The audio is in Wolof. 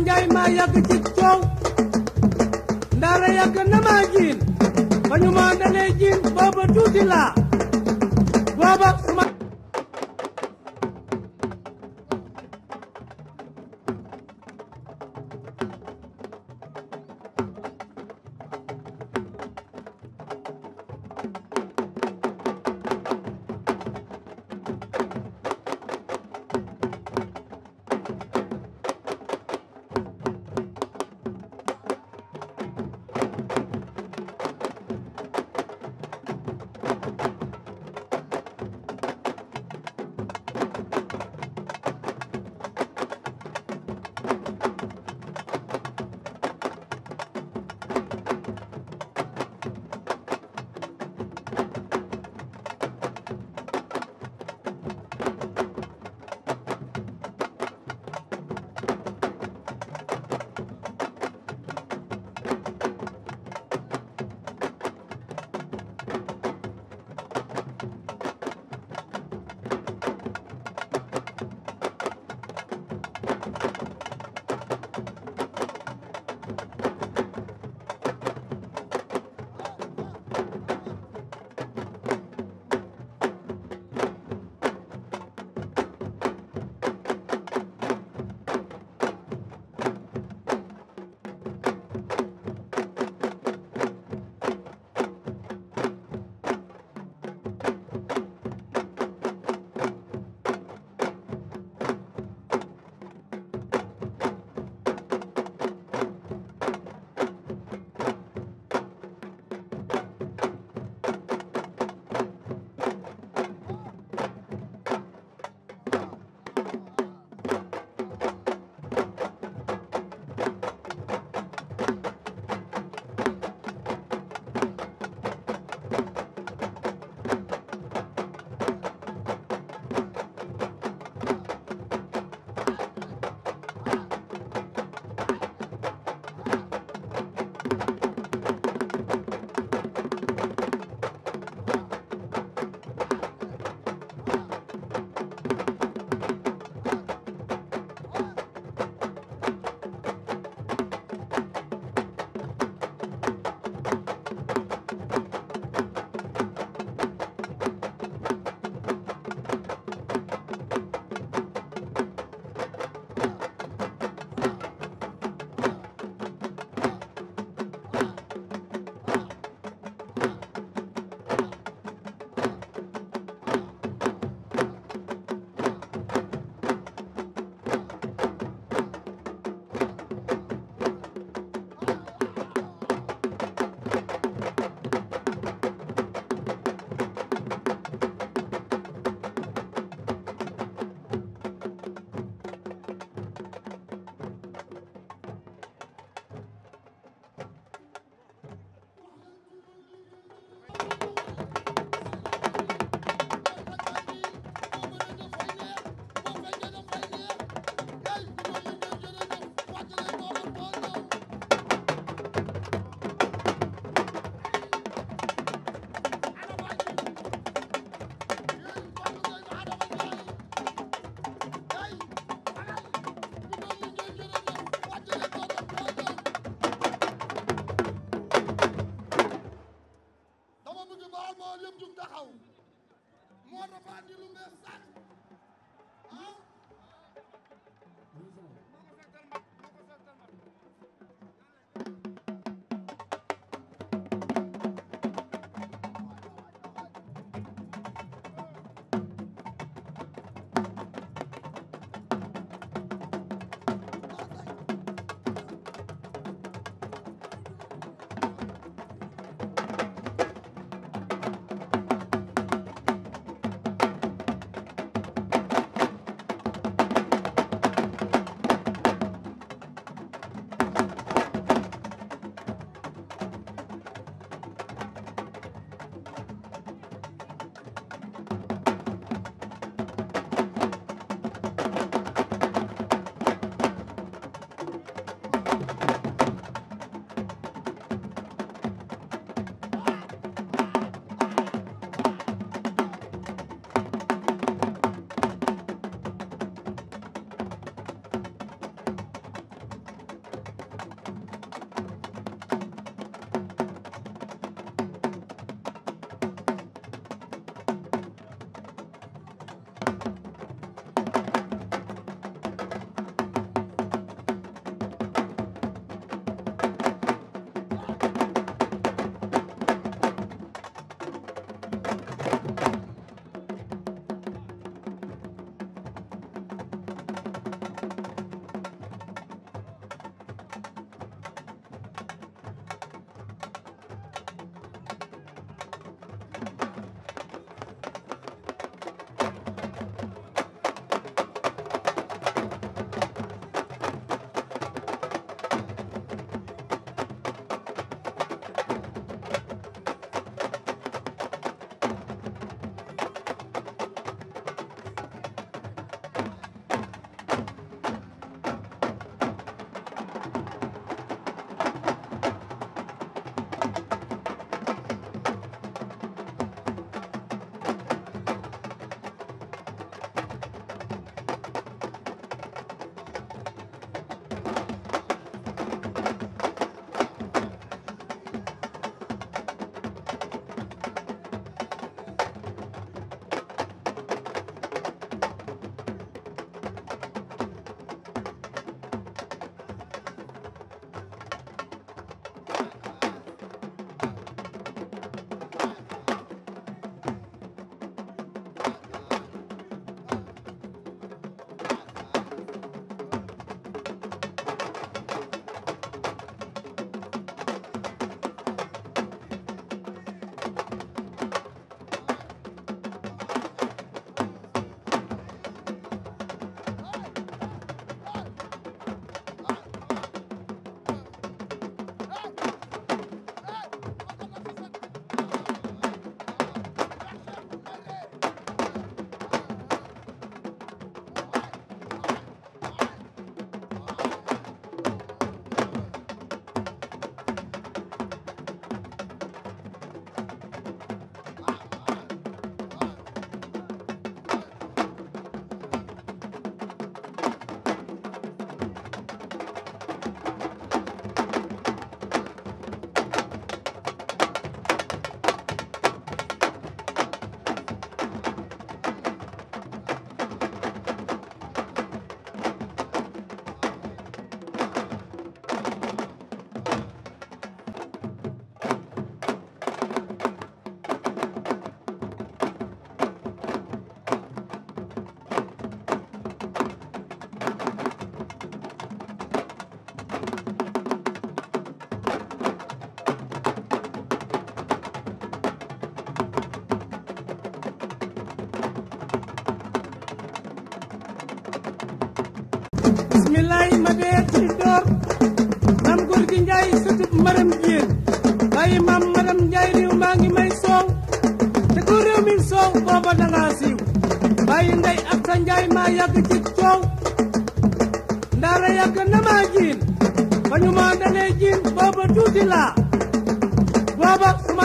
njay ma yag ci ciow ndara yag na ma jin bañu ma dalé jin boba tuti la boba bismilaay ma dee ci door maam góor gi njaay sutub maram jéen bàyyi maam maram njaay réew maa ngi may soow te ko réew mi soow booba dangaa siiw bàyyi ndey ak sa njaay maa yàgg ci coow ndaara yàgg na maa jiin ba ñu maa dalee jiin booba tuuti laa